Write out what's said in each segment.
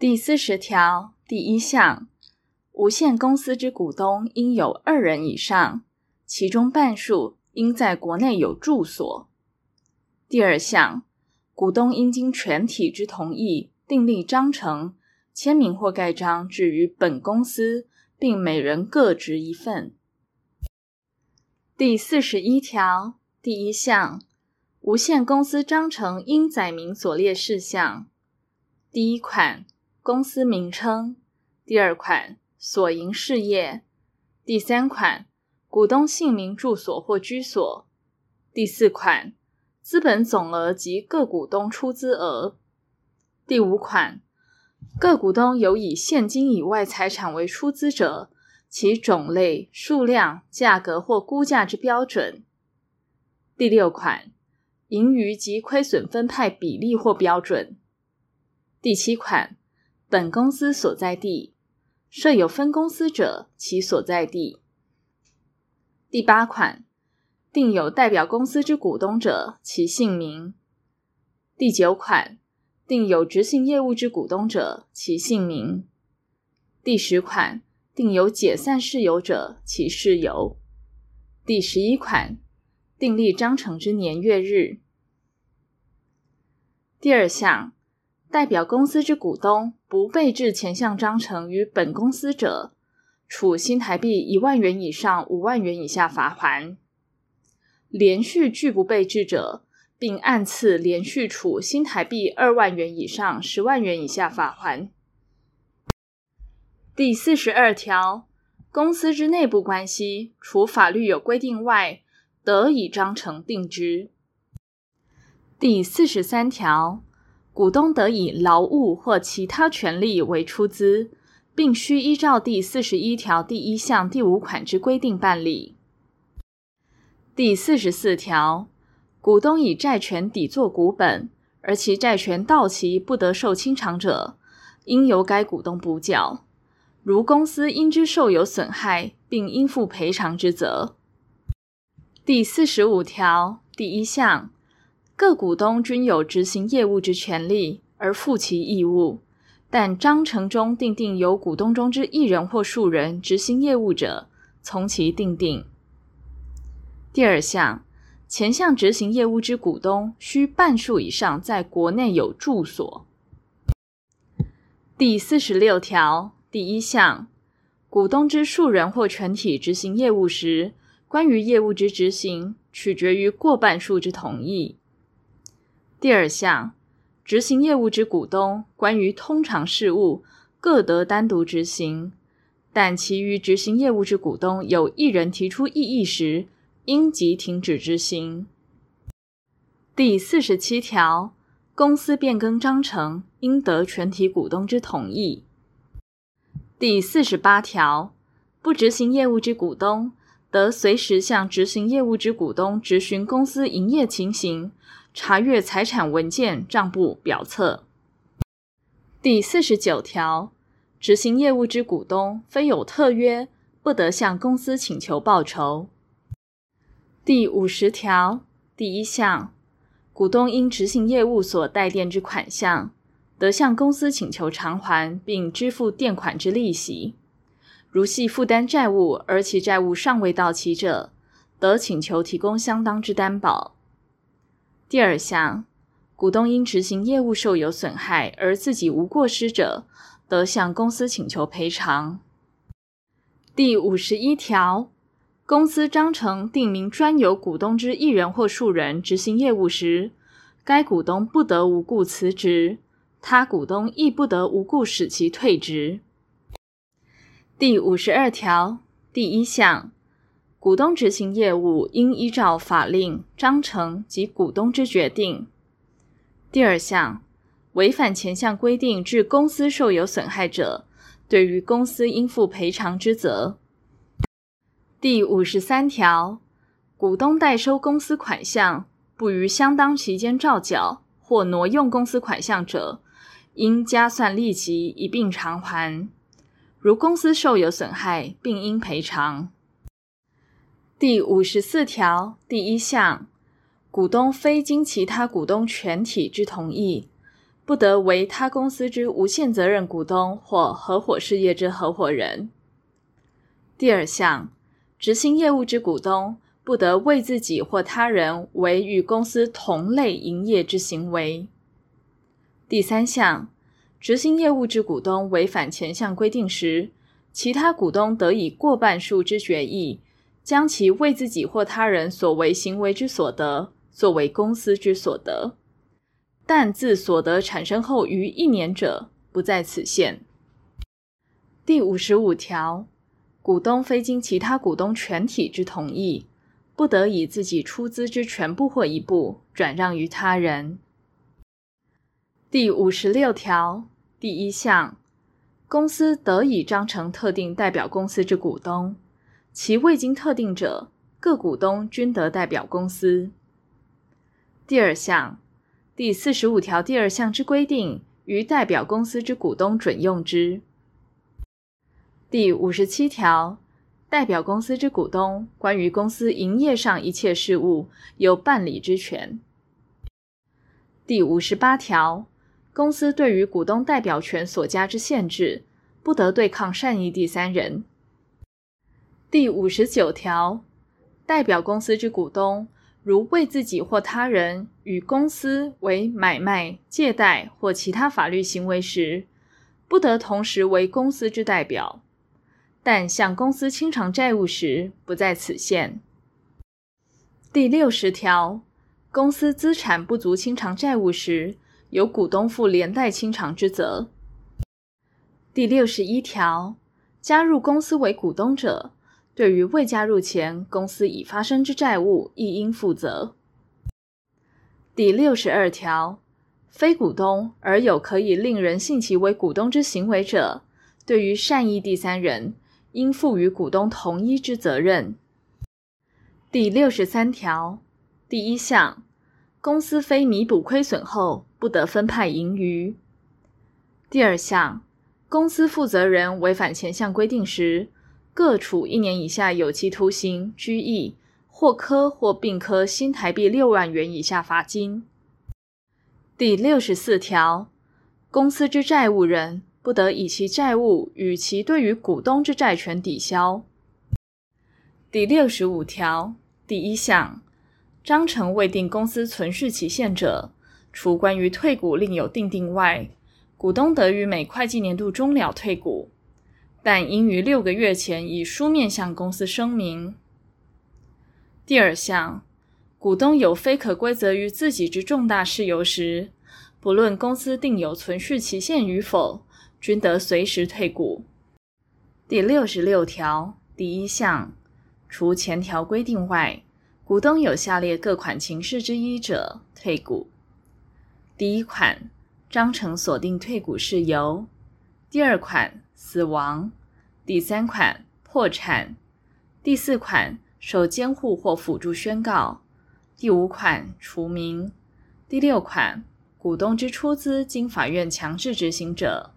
第四十條第一項，無限公司之股東應有二人以上，其中半數應在國內有住所。第二項，股東應經全體之同意訂立章程，簽名或蓋章置於本公司，並每人各執一份。第四十一條第一項，無限公司章程應載明所列事項。第一款。公司名稱，第二款所營事業，第三款股東姓名、住所或居所，第四款資本總額及各股東出資額，第五款各股東有以現金以外財產為出資者，其種類、數量、價格或估價之標準，第六款盈餘及虧損分派比例或標準，第七款。本公司所在地，設有分公司者，其所在地。第八款，定有代表公司之股東者，其姓名。第九款，定有執行業務之股東者，其姓名。第十款，定有解散事由者，其事由。第十一款，訂立章程之年月日。第二項。代表公司之股東不備置前項章程於本公司者，處新台幣一萬元以上五萬元以下罰鍰；連續拒不備置者，並按次連續處新台幣二萬元以上十萬元以下罰鍰。第四十二條，公司之內部關係，除法律有規定外，得以章程定之。第四十三條。股東得以勞務或其他權利為出資，並須依照第四十一條第一項第五款之規定辦理。第四十四條，股東以債權抵作股本，而其債權到期不得受清償者，應由該股東補繳。如公司因之受有損害，並應負賠償之責。第四十五條第一項。各股東均有執行業務之權利，而負其義務。但章程中訂定由股東中之一人或數人執行業務者，從其訂定。第二項，前項執行業務之股東，需半數以上在國內有住所。第四十六條第一項，股東之數人或全體執行業務時，關於業務之執行，取決於過半數之同意。第二項，執行業務之股東關於通常事務各得單獨執行，但其餘執行業務之股東有一人提出異議時，應即停止執行。第四十七條，公司變更章程應得全體股東之同意。第四十八條，不執行業務之股東得隨時向執行業務之股東質詢公司營業情形。查閱財產文件、賬簿、表冊。第四十九條，執行業務之股東，非有特約，不得向公司請求報酬。第五十條第一項，股東因執行業務所代墊之款項，得向公司請求償還，並支付墊款之利息。如係負擔債務而其債務尚未到期者，得請求提供相當之擔保。第二項，股東因執行業務受有損害而自己無過失者，得向公司請求賠償。第五十一條，公司章程定明專由股東之一人或數人執行業務時，該股東不得無故辭職，他股東亦不得無故使其退職。第五十二條第一項。股東執行業務應依照法令、章程及股東之決定。第二項，違反前項規定致公司受有損害者，對於公司應負賠償之責。第五十三條，股東代收公司款項，不於相當期間照繳或挪用公司款項者，應加算利息一併償還。如公司受有損害，並應賠償。第五十四條第一項，股東非經其他股東全體之同意，不得為他公司之無限責任股東或合夥事業之合夥人。第二項，執行業務之股東不得為自己或他人為與公司同類營業之行為。第三項，執行業務之股東違反前項規定時，其他股東得以過半數之決議。將其為自己或他人所為行為之所得作為公司之所得，但自所得產生後逾一年者不在此限。第五十五條，股東非經其他股東全體之同意，不得以自己出資之全部或一部轉讓於他人。第五十六條第一項，公司得以章程特定代表公司之股東。其未經特定者，各股東均得代表公司。第二項，第四十五條第二項之規定，於代表公司之股東準用之。第五十七條，代表公司之股東，關於公司營業上一切事務，有辦理之權。第五十八條，公司對於股東代表權所加之限制，不得對抗善意第三人。第五十九條，代表公司之股東，如為自己或他人與公司為買賣、借貸或其他法律行為時，不得同時為公司之代表，但向公司清償債務時，不在此限。第六十條，公司資產不足清償債務時，由股東負連帶清償之責。第六十一條，加入公司為股東者。對於未加入前公司已發生之債務，亦應負責。第六十二條，非股東而有可以令人信其為股東之行為者，對於善意第三人，應負與股東同一之責任。第六十三條，第一項，公司非彌補虧損後，不得分派盈餘。第二項，公司負責人違反前項規定時，各處一年以下有期徒刑、拘役，或科或併科新台幣六萬元以下罰金。第六十四條，公司之債務人不得以其債務與其對於股東之債權抵銷。第六十五條第一項，章程未定公司存續期限者，除關於退股另有定定外，股東得於每會計年度終了退股。但應於六個月前以書面向公司聲明。第二項，股東有非可歸責於自己之重大事由時，不論公司定有存續期限與否，均得隨時退股。第六十六條第一項，除前條規定外，股東有下列各款情事之一者，退股：第一款，章程所定退股事由；第二款。死亡，第三款，破產，第四款，受監護或輔助宣告，第五款，除名，第六款，股東之出資經法院強制執行者。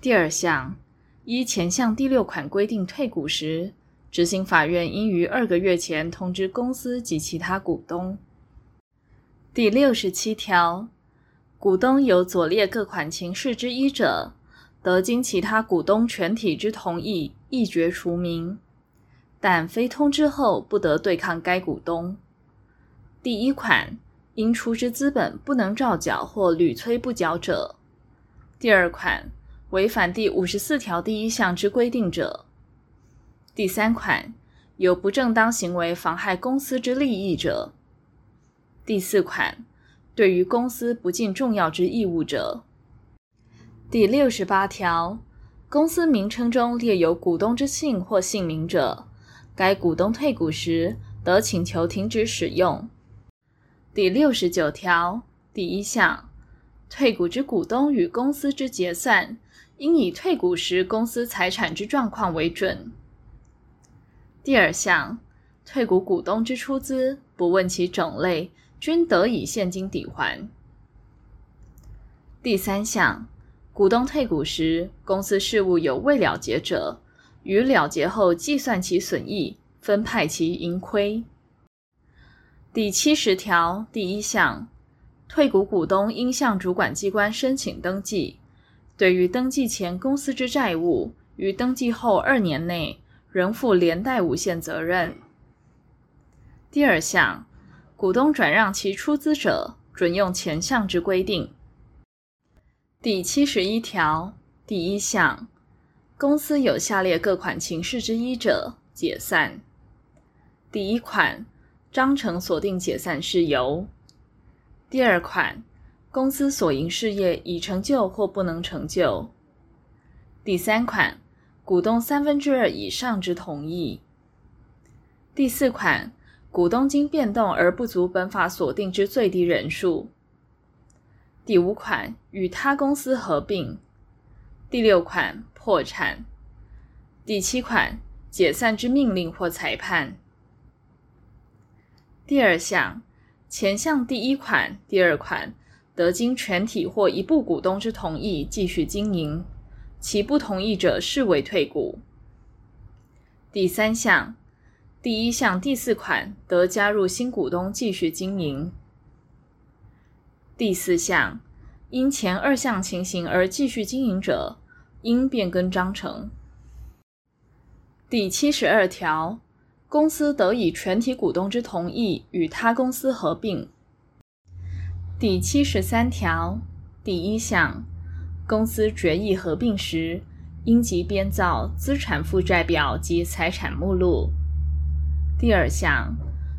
第二項，依前項第六款規定退股時，執行法院應於二個月前通知公司及其他股東。第六十七條，股東有左列各款情事之一者，得經其他股東全體之同意，議決除名，但非通知後不得對抗該股東。第一款，因出之資本不能照繳或屢催不繳者；第二款，違反第五十四條第一項之規定者；第三款，有不正當行為妨害公司之利益者；第四款，對於公司不盡重要之義務者。第六十八條，公司名稱中列有股東之姓或姓名者，該股東退股時得請求停止使用。第六十九條第一項，退股之股東與公司之結算，應以退股時公司財產之狀況為準。第二項，退股股東之出資，不問其種類，均得以現金抵還。第三項。股東退股時，公司事務有未了結者，於了結後計算其損益，分派其盈虧。第七十條第一項，退股股東應向主管機關申請登記，對於登記前公司之債務，於登記後二年內仍負連帶無限責任。第二項，股東轉讓其出資者，準用前項之規定。第七十一條第一項，公司有下列各款情事之一者，解散。第一款，章程所定解散事由。第二款，公司所營事業已成就或不能成就。第三款，股東三分之二以上之同意。第四款，股東經變動而不足本法所定之最低人數。第五款，與他公司合併，第六款破產，第七款解散之命令或裁判。第二項，前項第一款、第二款得經全體或一部股東之同意繼續經營，其不同意者視為退股。第三項，第一項第四款得加入新股東繼續經營。第四項，因前二項情形而繼續經營者，應變更章程。第七十二條，公司得以全體股東之同意與他公司合併。第七十三條，第一項，公司決議合併時，應即編造資產負債表及財產目錄。第二項，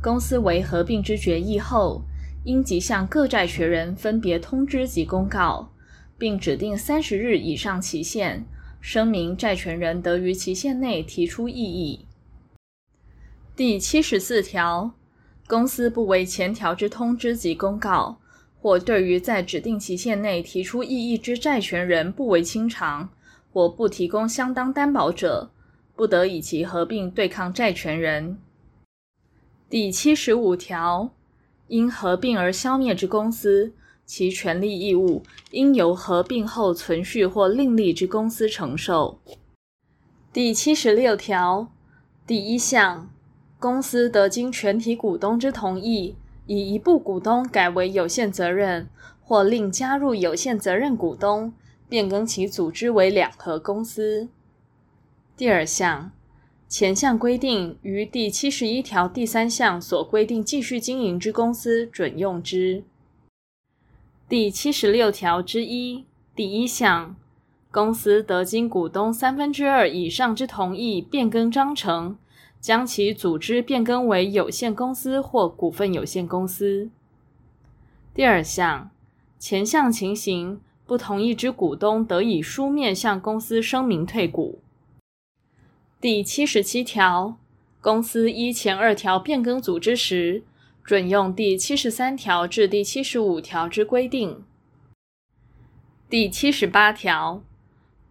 公司為合併之決議後，應即向各債權人分別通知及公告，並指定三十日以上期限，聲明債權人得於期限內提出異議。第七十四條，公司不為前條之通知及公告，或對於在指定期限內提出異議之債權人不為清償，或不提供相當擔保者，不得以其合併對抗債權人。第七十五條。因合併而消滅之公司，其權利義務應由合併後存續或另立之公司承受。第七十六條第一項，公司得經全體股東之同意，以一部股東改為有限責任，或另加入有限責任股東，變更其組織為兩合公司。第二項。前項規定於第七十一條第三項所規定繼續經營之公司准用之。第七十六條之一第一項，公司得經股東三分之二以上之同意變更章程，將其組織變更為有限公司或股份有限公司。第二項，前項情形，不同意之股東得以書面向公司聲明退股。第七十七條，公司依前二條變更組織時，準用第七十三條至第七十五條之規定。第七十八條，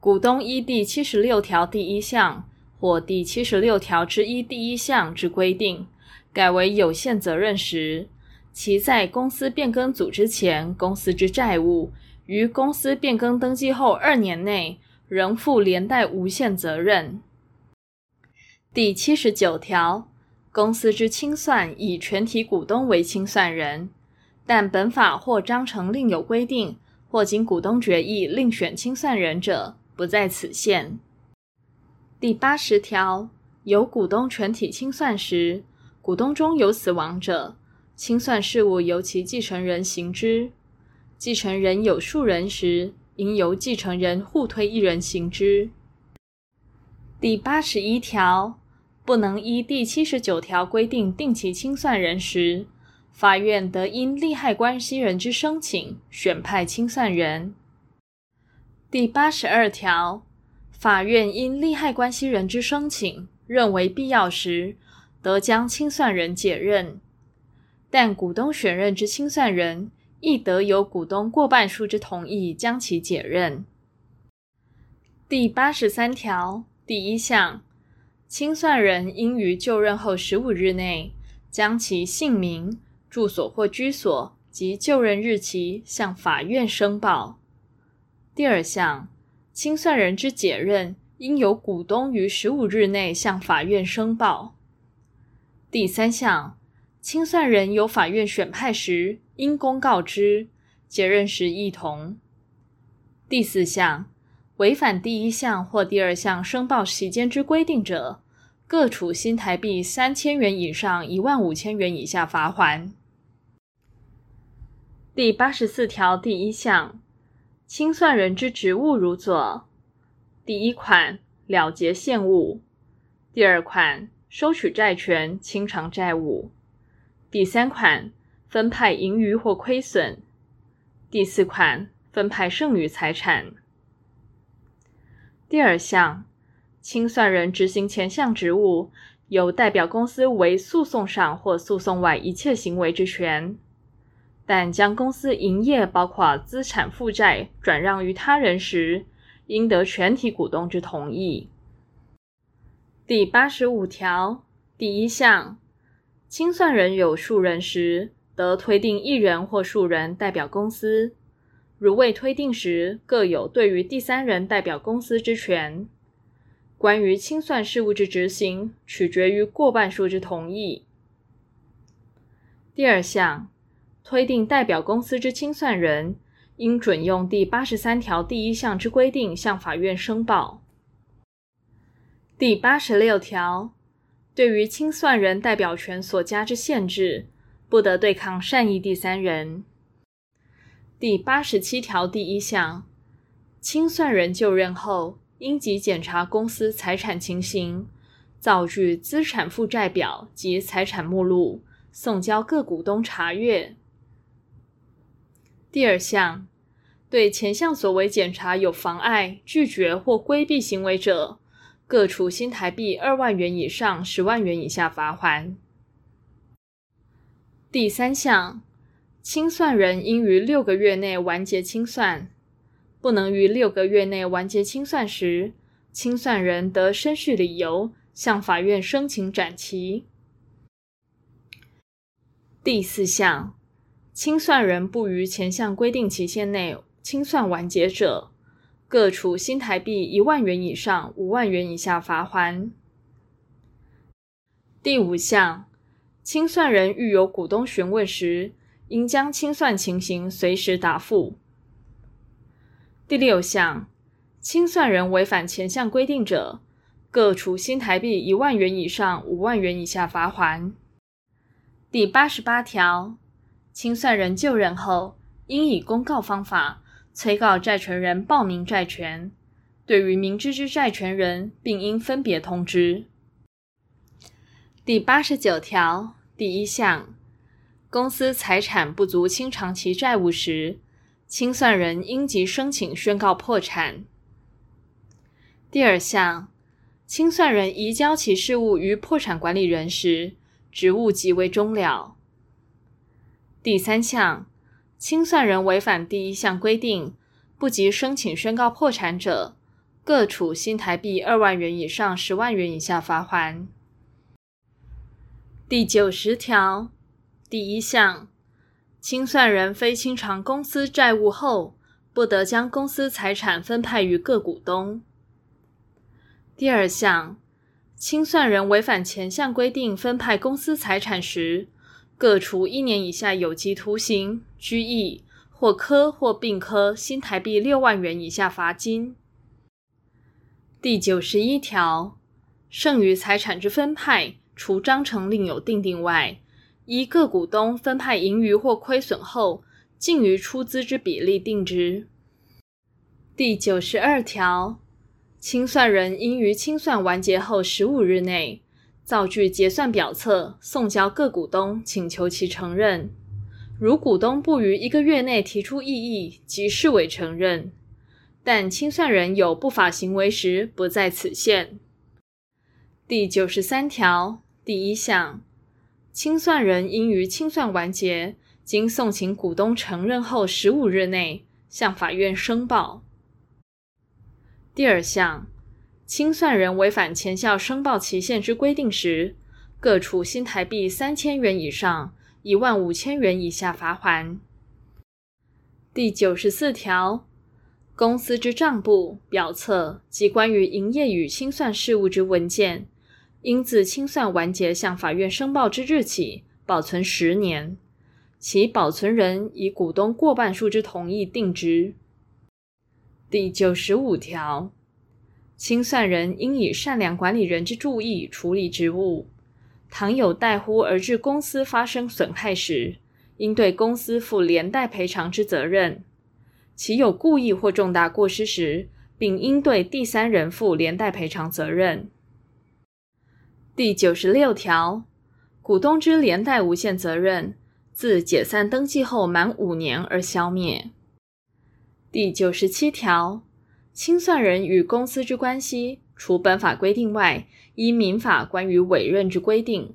股東依第七十六條第一項或第七十六條之一第一項之規定，改為有限責任時，其在公司變更組織前，公司之債務，於公司變更登記後二年內，仍負連帶無限責任。第七十九條，公司之清算以全體股東為清算人，但本法或章程另有規定，或經股東決議另選清算人者，不在此限。第八十條，由股東全體清算時，股東中有死亡者，清算事務由其繼承人行之；繼承人有數人時，應由繼承人互推一人行之。第八十一條，不能依第七十九條規定定其清算人時，法院得因利害關係人之申請，選派清算人。第八十二條，法院因利害關係人之申請，認為必要時，得將清算人解任，但股東選任之清算人，亦得由股東過半數之同意，將其解任。第八十三條。第一項，清算人應於就任後十五日內，將其姓名、住所或居所及就任日期向法院申報。第二項，清算人之解任應由股東於十五日內向法院申報。第三項，清算人由法院選派時應公告之，解任時亦同。第四項。違反第一項或第二項申報期間之規定者，各處新台幣三千元以上一萬五千元以下罰鍰。第八十四條第一項，清算人之職務如左：第一款了結現務；第二款收取債權、清償債務；第三款分派盈餘或虧損；第四款分派剩餘財產。第二項，清算人執行前項職務，有代表公司為訴訟上或訴訟外一切行為之權，但將公司營業包括資產負債轉讓於他人時，應得全體股東之同意。第八十五條第一項，清算人有數人時，得推定一人或數人代表公司。如未推定時，各有對於第三人代表公司之權。關於清算事務之執行，取決於過半數之同意。第二項，推定代表公司之清算人，應準用第八十三條第一項之規定，向法院申報。第八十六條，對於清算人代表權所加之限制，不得對抗善意第三人。第八十七條第一項，清算人就任後，應即檢查公司財產情形，造具資產負債表及財產目錄，送交各股東查閱。第二項，對前項所為檢查有妨礙、拒絕或規避行為者，各處新台幣二萬元以上十萬元以下罰鍰。第三項。清算人應於六個月內完結清算，不能於六個月內完結清算時，清算人得申述理由向法院申請展期。第四項，清算人不於前項規定期限內清算完結者，各處新台幣一萬元以上五萬元以下罰鍰。第五項，清算人遇有股東詢問時，應將清算情形隨時答覆。第六項，清算人違反前項規定者，各處新台幣一萬元以上五萬元以下罰鍰。第八十八條，清算人就任後，應以公告方法催告債權人報名債權，對於明知之債權人，並應分別通知。第八十九條第一項。公司財產不足清償其債務時，清算人應即申請宣告破產。第二項，清算人移交其事務於破產管理人時，職務即為終了。第三項，清算人違反第一項規定，不即申請宣告破產者，各處新台幣二萬元以上十萬元以下罰鍰。第九十條。第一項，清算人非清償公司債務後，不得將公司財產分派於各股東。第二項，清算人違反前項規定分派公司財產時，各處一年以下有期徒刑、拘役或科或併科新台幣六萬元以下罰金。第九十一條，剩餘財產之分派，除章程另有訂定外。依各股東分派盈餘或虧損後，淨餘出資之比例定值。第九十二條，清算人應於清算完結後十五日內，造具結算表冊，送交各股東，請求其承認。如股東不於一個月內提出異議，即視為承認。但清算人有不法行為時，不在此限。第九十三條第一項。清算人應於清算完結、經送請股東承認後十五日內，向法院申報。第二項，清算人違反前項申報期限之規定時，各處新台幣三千元以上、一萬五千元以下罰鍰。第九十四條，公司之賬簿、表冊及關於營業與清算事務之文件。應自清算完結向法院申報之日起保存十年，其保存人以股東過半數之同意定之。第九十五條，清算人應以善良管理人之注意處理職務，倘有怠忽而致公司發生損害時，應對公司負連帶賠償之責任；其有故意或重大過失時，並應對第三人負連帶賠償責任。第九十六條，股東之連帶無限責任，自解散登記後滿五年而消滅。第九十七條，清算人與公司之關係，除本法規定外，依民法關於委任之規定。